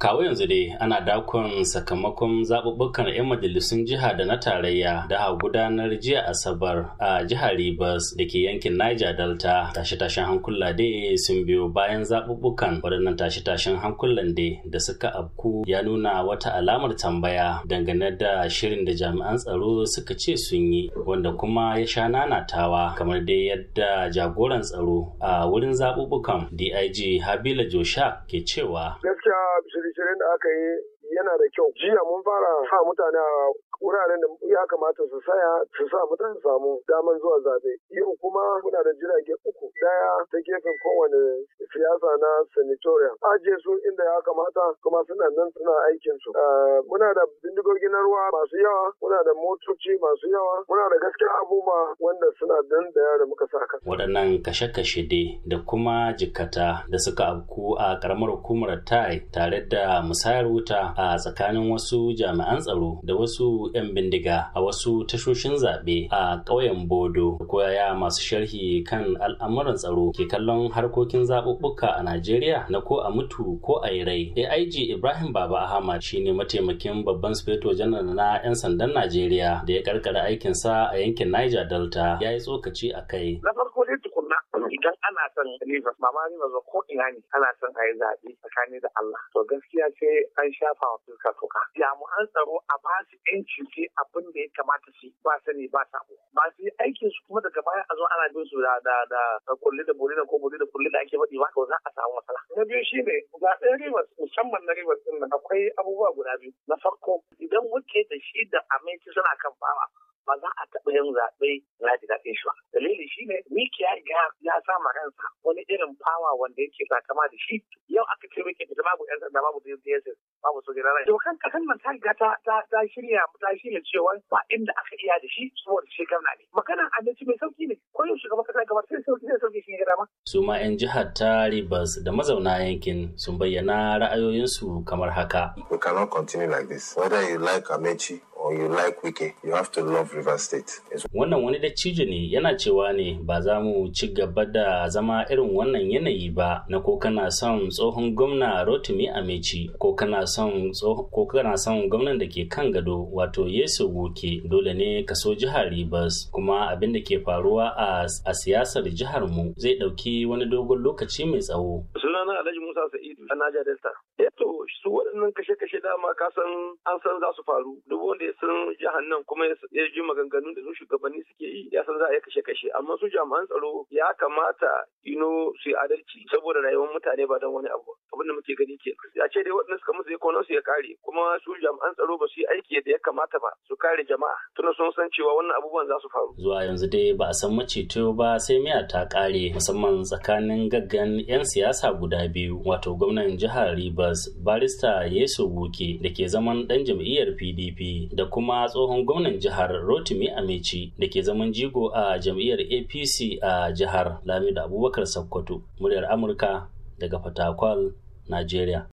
kawo yanzu dai ana dakon sakamakon zaɓuɓɓukan 'yan majalisun jiha da na tarayya da a gudanar jiya asabar a jihar ribas da ke yankin niger delta tashe-tashen hankula dai sun biyo bayan zaɓuɓɓukan waɗannan tashe-tashen hankulan dai da suka afku ya nuna wata alamar tambaya dangane da shirin da jami'an tsaro suka ce sun yi wanda kuma ya sha nanatawa kamar dai yadda jagoran tsaro a wurin zaɓuɓɓukan dig habila josha ke cewa shirye da aka yi yana da kyau jiya mun fara sa mutane a wuraren da ya kamata su saya su sa mutane samu daman zuwa zabe yau kuma muna da jirage uku daya ta gefen kowane siyasa na senatorial ajiye su inda ya kamata kuma suna nan suna aikin su eh, muna da bindigogi na ruwa masu yawa muna da motoci masu yawa muna da gaskiya abubuwa wanda suna dan da yara muka saka waɗannan kashe-kashe dai da kuma jikata da suka abku a karamar hukumar tai tare da musayar wuta a tsakanin wasu jami'an tsaro da wasu 'yan bindiga a wasu tashoshin zaɓe a ƙauyen bodo ko ya masu sharhi kan al'amuran tsaro ke kallon harkokin zaɓo. zaɓuɓɓuka a Najeriya na ko a mutu ko a yi rai. AIG Ibrahim Baba Ahmad ne mataimakin babban sufeto janar na 'yan sandan Najeriya da ya karkara aikinsa a yankin Niger Delta ya yi tsokaci a kai. idan ana son rivers mama rivers ko ina ne ana son a yi zaɓe tsakanin da Allah to gaskiya sai an shafa wa fuska toka an tsaro a ba su yanci sai abin da ya kamata su ba sani ba sabo ba su yi aikin su kuma daga baya a zo ana bin su da da da kulli da bolina ko bolina da kulli da ake faɗi ba za a samu matsala na biyu shine zaɓen rivers musamman na rivers din akwai abubuwa guda biyu na farko idan muke da shi da aminci suna kan bawa ba za a taɓa yin zaɓe na ji daɗin shi ba. Dalili shi ne Miki ya riga ya kansa wani irin fawa wanda yake sakama da shi yau aka ce Miki da babu yan sanda babu DSS babu sojin rana. Dokan ƙasar nan ta riga ta shirya ta shirya cewa ba inda aka iya da shi saboda shi gamna ne. Maganar abinci mai sauƙi ne ko yau shugaban kasa gaba sai sauƙi sai sauƙi shi ya dama. Su ma 'yan jihar ta Rivers da mazauna yankin sun bayyana ra'ayoyinsu kamar haka. We cannot continue like this whether you like Amechi or you like Wiki, you have to love River State. Wannan wani dattijo ne yana cewa ne ba za mu ci gaba da zama irin wannan yanayi ba na ko kana son tsohon gwamna Rotimi Amechi ko kana son ko kana son gwamnan da ke kan gado wato Yesu Woke dole ne ka so jihar Rivers kuma abin da ke faruwa a siyasar jihar mu zai dauki wani dogon lokaci mai tsawo. Sunana Alhaji Musa Sa'idu a Niger Delta. Eh su waɗannan kashe-kashe dama ka san an san za su faru duk wanda sun jahannan kuma ya ji maganganun da su shugabanni suke yi ya san za a yi kashe kashe amma su jami'an tsaro ya kamata ino su yi adalci saboda rayuwar mutane ba don wani abu abin da muke gani ke ya ce dai waɗanda suka musu ekonon su ya kare kuma su jami'an tsaro ba su yi aiki da ya kamata ba su kare jama'a tuna sun san cewa wannan abubuwan za su faru zuwa yanzu dai ba a san maceto ba sai miya ta kare musamman tsakanin gaggan 'yan siyasa guda biyu wato gwamnan jihar Rivers barista Yesu Buke da ke zaman dan jam'iyyar PDP da kuma tsohon gwamnan jihar Rotimi Amici da ke zaman jigo a jam'iyyar APC a jihar Lamido Abubakar Sokoto. Muryar Amurka daga Fatakwal, Najeriya.